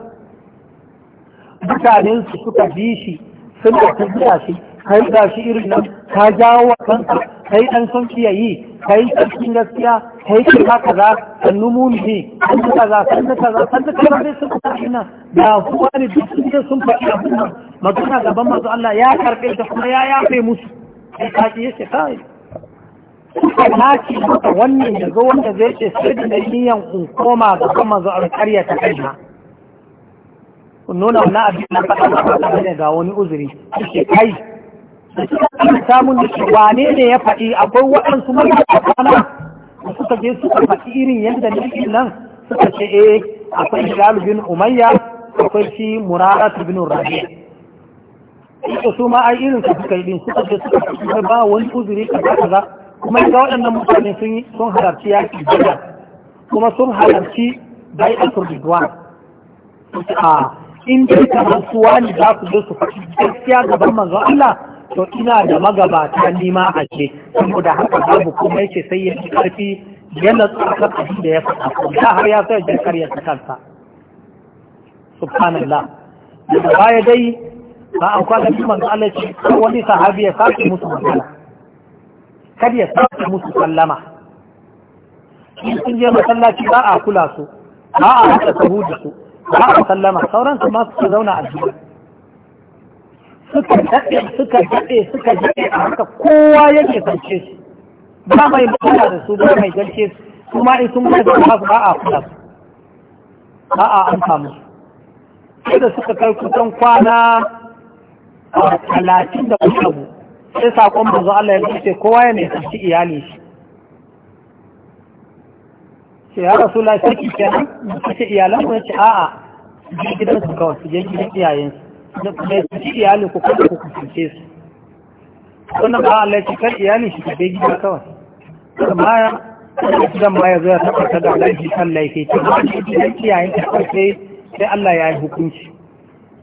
mutanen su suka bi shi sun da sun biya shi kai ga shi irin nan ka jawo wa kanka kai dan son kiya yi kai gaskiya kai ki ka kaza sannu ne an ta za san ta kaza san ta kaza dai sun faɗi nan da kuwa ne duk sun sun faɗi abin nan magana gaban masu Allah ya karbe ta kuma ya yafe musu kai ka kai ce nace maka wannan zo wanda zai ce sai da niyan in koma ga kuma zo alƙarya karya ta kaina kun nuna wani abin na faɗa ba ta ne ga wani uzuri suke kai da samu kama samun da shi wane ne ya faɗi akwai waɗansu mutane a kwana da suka je suka faɗi irin yadda ne nan suka ce eh akwai Hilal bin Umayya akwai shi Muraratu bin Rabi' suka su ma ai irin su suka yi din suka ce suka ba wani uzuri kaza kaza kuma ga waɗannan mutane sun halarci yaki badar kuma sun halarci bai a turbiduwan a in dai kamar ne za su zo su faɗi gaskiya gaban manzo Allah to ina da magabata nima a ce saboda haka babu kuma yake sai ya fi ƙarfi yana tsakar abin da ya faɗa ko da har ya sai ya karya ta kansa subhanallah daga baya dai ba a kwanan manzo Allah ce wani sahabi ya sake musu magana kar ya sauke musu sallama in sun je masallaci ba a kula su ba a haɗa sahu da su ba a sallama sauran ma suka zauna a jiya suka daɗe suka daɗe suka daɗe a haka kowa yake zance su ba mai magana da su ba mai zance su su ma in sun gaza ba su ba a kula su ba a amsa musu sai da suka kai kusan kwana talatin da wani abu sai saƙon manzo Allah ya ce kowa ya ne tafi iyali shi ce ya rasu la sarki kenan ya ce iyalan ku ce a'a je gidan su kawai su je gidan iyayen su da su ci iyali ku kuma ku kusance su wannan ba Allah ya ce kan iyali shi ke gidan kawai kuma ya zan ma ya zo ya tabbata da laifi kan laifi ta ba shi gidan iyayen ta kawai sai Allah ya yi hukunci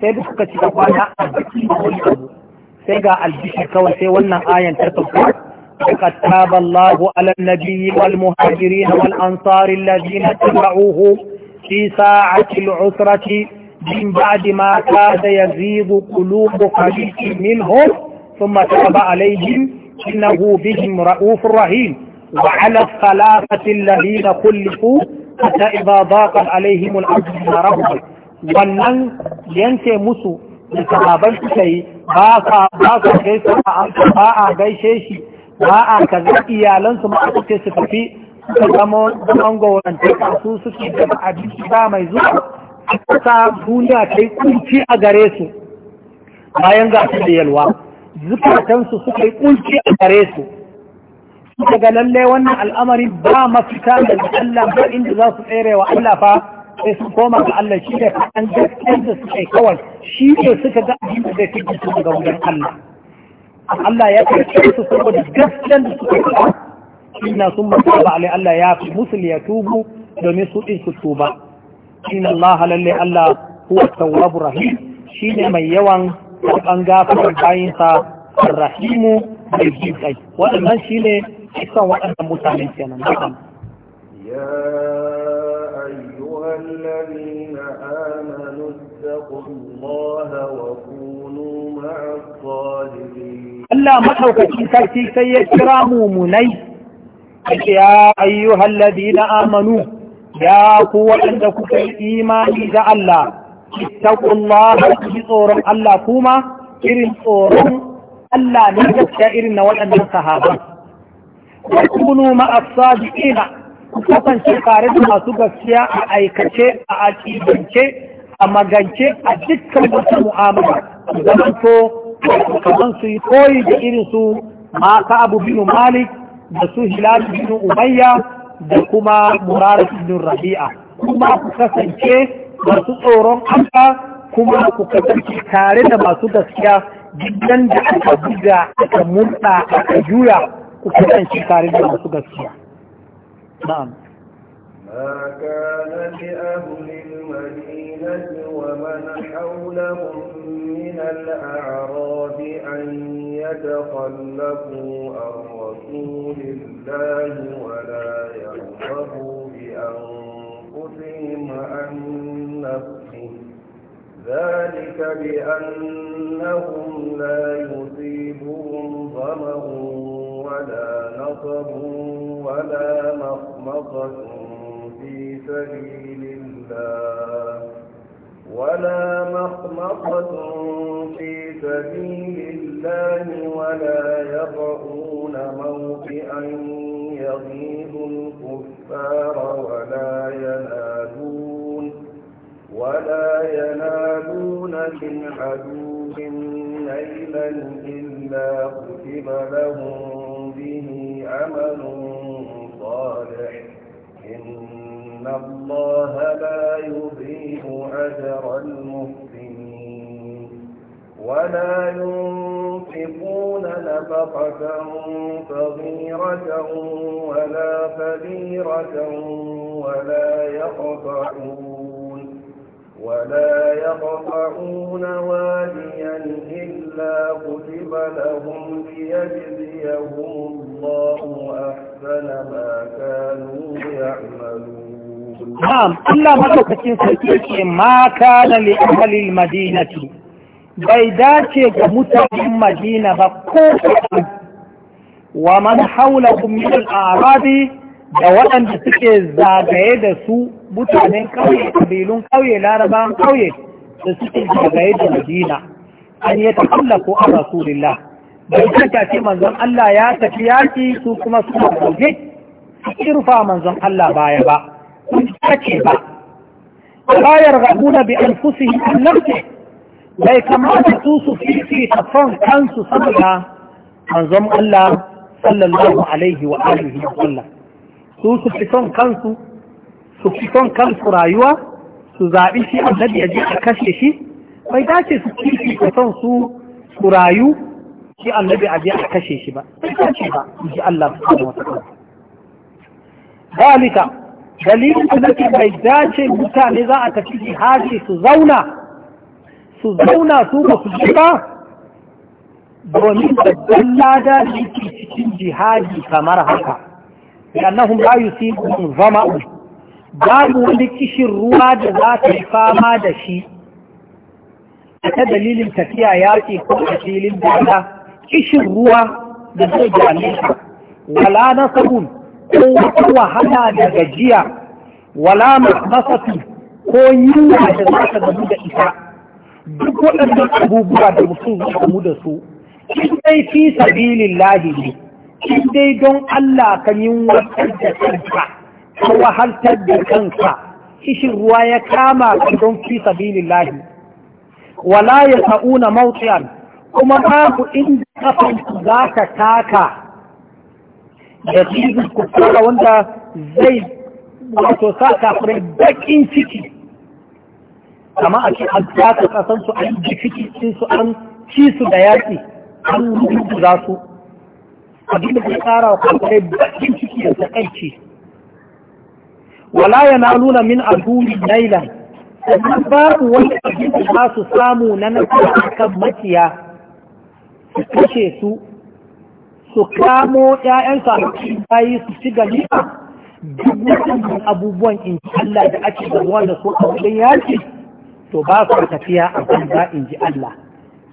sai da suka ci gaba da a da wani sai ga albishir kawai sai wannan ayan ta sauka لقد تاب الله على النبي والمهاجرين والأنصار الذين اتبعوه في ساعة العسرة من بعد ما كاد يزيد قلوب فريق منهم ثم تاب عليهم إنه بهم رؤوف رحيم وعلى الثلاثة الذين خلفوا حتى إذا ضاقت عليهم الأرض بما رحمت ولن ينسى مسو da sahaban suka yi ba sa kai a ba a gaishe shi ba a kaza iyalansu ma su ce su tafi suka zama zaman gawantaka su suke gaba abinci ba mai zuwa a ƙasa duniya ta yi kunci a gare su bayan ga su da yalwa zukatansu suka yi kunci a gare su suka ga lallai wannan al'amarin ba mafita da Allah ba inda za su tsere wa Allah fa sai sun koma ga Allah shi ne an gaskiyar da suke kawai shi ne suka ga abin da zai fi su daga wurin Allah Allah ya karɓi su saboda gaskiyar da suka kawai inna sun mutu ba Allah ya fi musul ya tubu domin su ɗin su tuba inna Allah lalle Allah huwa tawwabu rahim shi ne mai yawan karɓan gafarar bayinsa rahimu mai jikai waɗannan shi ne kisan waɗannan mutane kenan. Ya الذين آمنوا اتقوا الله وكونوا مع الصالحين الله مدوكاكي سركي sai ya kira mumunai ya ayyuhal ladina amanu ya ku waɗanda kuka imani da Allah ittaqullaha ku tsoron Allah kuma irin tsoron Allah ne gaskiya irin na waɗannan sahaban ku kasance tare da masu gaskiya a aikace a aƙidance a magance a dukkan wata mu'amala su zamanto kamar su yi koyi da irin su mata abu binu malik da su hilal binu umayya da kuma murar binu rabi'a kuma ku kasance masu tsoron Allah kuma ku kasance tare da masu gaskiya gidan da aka buga aka murɗa aka juya ku kasance tare da masu gaskiya نعم ما كان لأهل المدينة ومن حولهم من الأعراب أن يتخلفوا عن رسول الله ولا يرغبوا بأنفسهم عن نفسه ذلك بأنهم لا يصيبهم ظمأ ولا نصب ولا مخ مخمصة في سبيل الله ولا مخمصة في سبيل الله ولا يضعون موطئا يغيظ الكفار ولا ينالون ولا ينالون من عدو نيلا إلا كتب لهم به عمل صالح إن الله لا يضيع أجر المحسنين ولا ينفقون نفقة صغيرة ولا كبيرة ولا يقطعون ولا يقطعون واديا إلا كتب لهم ليجزيهم الله أحسن ما كانوا يعملون نعم إلا مدوكة سيئة ما كان لأهل المدينة بيداتي جمتا من مدينة Madina ومن حولكم من الأعراب da waɗanda suke zagaye da su mutanen ƙauye ƙabilun ƙauye larabawan ƙauye da suke zagaye da madina an yi ta a rasulillah bai kanta ce manzon Allah ya tafi yaki su kuma suna gobe su kirfa manzon Allah baya ba sun kace ba bayar rabuna bi anfusihim an nafsi bai kamata su su fifi tafan kansu saboda manzon Allah sallallahu alaihi wa alihi wa sallam su sufi son kansu su fi son kansu rayuwa su zaɓi shi annabi ya je a kashe shi bai dace su kifi da son su su rayu shi annabi a je a kashe shi ba bai dace ba in ji Allah subhanahu wa ta'ala dalika dalilin da nake bai dace mutane za a tafi jihadi su zauna su zauna su ba su ji ba domin babban lada da yake cikin jihadi kamar haka لأنهم لا يصيبهم ظمأ باب ولكش الرواد ذات الفاما دشي ta dalilin tafiya yaƙi ko a filin dada kishin ruwa da zai jami wala na sabon ko wata wahala da gajiya wala masatu ko yunwa da za ta gamu da ita duk waɗannan abubuwa da mutum zai gamu da su in dai fi sabilin lahi ne dai don Allah kan yi yunwatar da kanka ka wahaltar da kanka kishin ruwa ya kama ka don fi lahi. wala ya sa'una mautiyar, kuma babu inda kafin za ka taka da cikin kuskura wanda zai wato sa kafirai bakin ciki kama a ce an taka kasansu an ji ciki su an ci su da yaƙi an rubuta su abin da zai kara wa kafirai bakin ciki da takaici wala yanaluna min aduni nailan sannan babu wani abin da za su samu na nasara kan maciya su kashe su su kamo ‘ya'yansu a bayi su ci ganima duk waɗannan abubuwan in ji Allah da ake gabuwa da su a wajen yaki to ba su tafiya a banza in ji Allah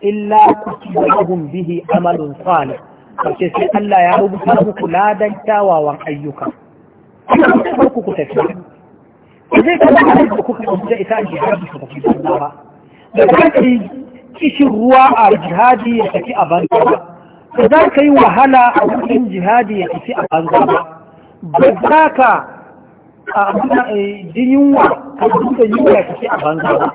illa kuki da bihi amalin salih karshe sai Allah ya rubuta muku ladan kyawawan ayyuka farko ku tafi ba zai kama da da kuka ɗauki da ita a jihadi ku tafi suna ba da za ka yi kishin ruwa a jihadi ya tafi a banza ba da za ka yi wahala a wurin jihadi ya tafi a banza ba ba za ka a eh, jin yunwa ka duka yunwa ya tafi a banza ba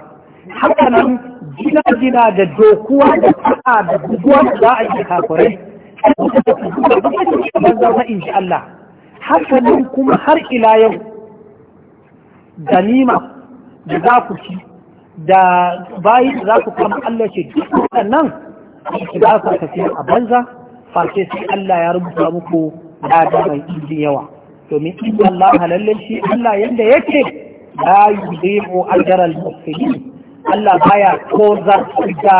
haka nan gina-gina da dokuwa da sa'a da guguwa da za a yi kakurai zama in ji Allah haka nan kuma har ila yau ganima da za ku ci da bayi za ku kama Allah ce duk waɗannan za ku tafi a banza face sai Allah ya rubuta muku da mai injin yawa domin inda Allah halalle shi Allah yanda yake la yudimu ajral muhsinin Allah baya ko za su ga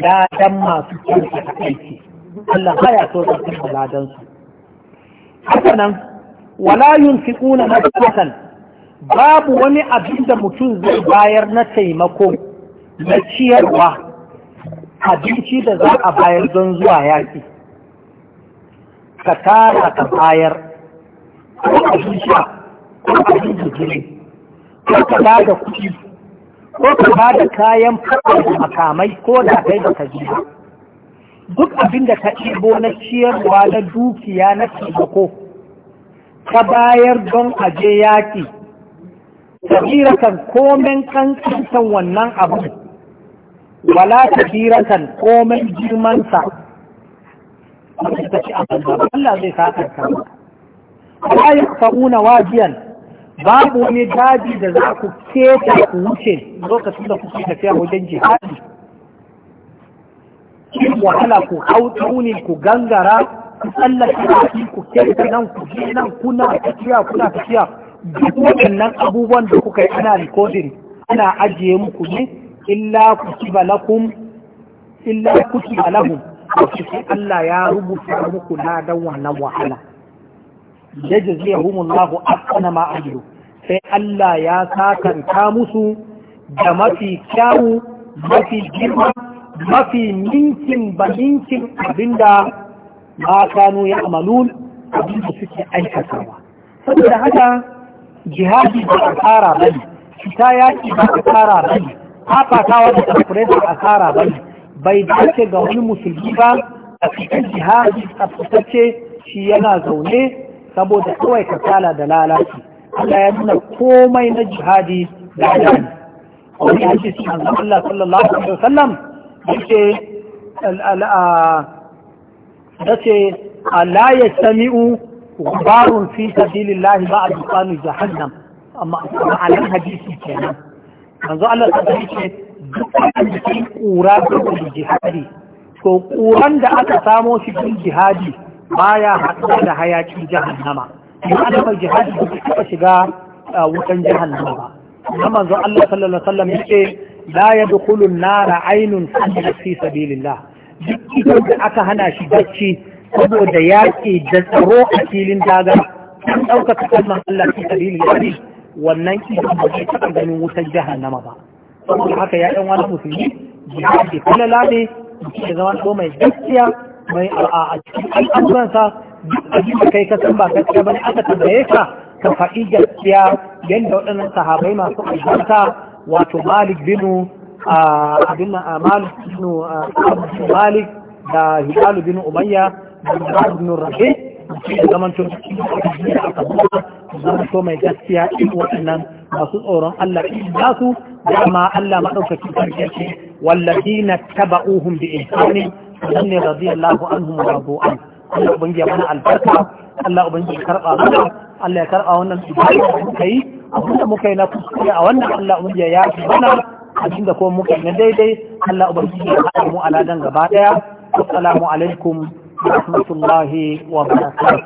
ladan masu kyau a aiki Allah baya so da cikin al'adansu. su haka nan wala yunfiquna babu wani abin da mutum zai bayar na taimako na ciyarwa abinci da za a bayar don zuwa yaƙi ka tara ka bayar ko abin sha ko abin ko ka ba da kuɗi ko ka ba da kayan fata da makamai ko da kai da ka ba duk abin da ka ɗibo na ciyarwa na dukiya na taimako ta bayar don aje yaƙi kan komen kankantan wannan abu wala kan komen girmansa a cikin ci a Allah zai sakanta ba ya fa'una wajiyan babu wani daji da za ku keta ku wuce lokacin da kuke tafiya wajen jihadi wahala ku hau ku gangara ku ku kenta nan ku je nan kuna tafiya abubuwan ana recording ana illa kutiba lakum sai Allah ya rubuta muku na dan wannan ma sai Allah ya sakanta musu da mafi kyawu mafi mafi ninkin ba ninkin abinda ma kanu ya amalun abinda suke aikatawa saboda haka jihadi ba a tsara bane fita yaƙi ba a tsara bane fafatawa da kafirai ba a tsara bane bai dace ga wani musulmi ba a cikin jihadi tsaftatacce shi yana zaune saboda kawai kasala da lalaci Allah ya nuna komai na jihadi da ne. Wani hadisi an Allah sallallahu alaihi wasallam yake yace la sami'u ghubarun fi sabilillahi ba'a dukkanu jahannam amma hadisi kenan manzo Allah ta ce kura da jihadi to kuran da aka samo shi cikin jihadi baya haɗuwa da hayaki jahannama in mai jihadi ba ta taɓa shiga wutan jahannama ba na manzo Allah sallallahu alaihi wasallam yake la ya dukulun nara ainun kamar fi sabilillah duk da aka hana shi bacci saboda yaƙi da tsaro a filin dagara kan ɗaukaka kalmar Allah fi sabilillah wannan idan ba zai taɓa ganin wutar jahannama ba saboda haka ya ɗan wani musulmi jihadi falala ne da zama ko mai gaskiya mai a cikin al'amuransa duk abin da kai kasan ba gaskiya aka tambaye ka ka faɗi gaskiya yadda waɗannan sahabai masu albarka wato malik binu abin malik binu malik da hidalu binu umayya da malik binu rahe da zaman to zaman to mai gaskiya in waɗannan masu tsoron Allah da su dama Allah maɗaukakin sarki wallahi wallazina taba'uhum bi ihsani sanne radiyallahu anhum wa radu Allah ubangi ya mana albarka Allah ubangi ya karba mana Allah ya karba wannan ibada da muka yi abinda muka yi na kuskure a wannan Allah ubangi ya yafi mana abinda kuma muka yi na daidai Allah ubangi ya haɗa mu aladan gaba daya assalamu alaikum wa rahmatullahi wa barakatuh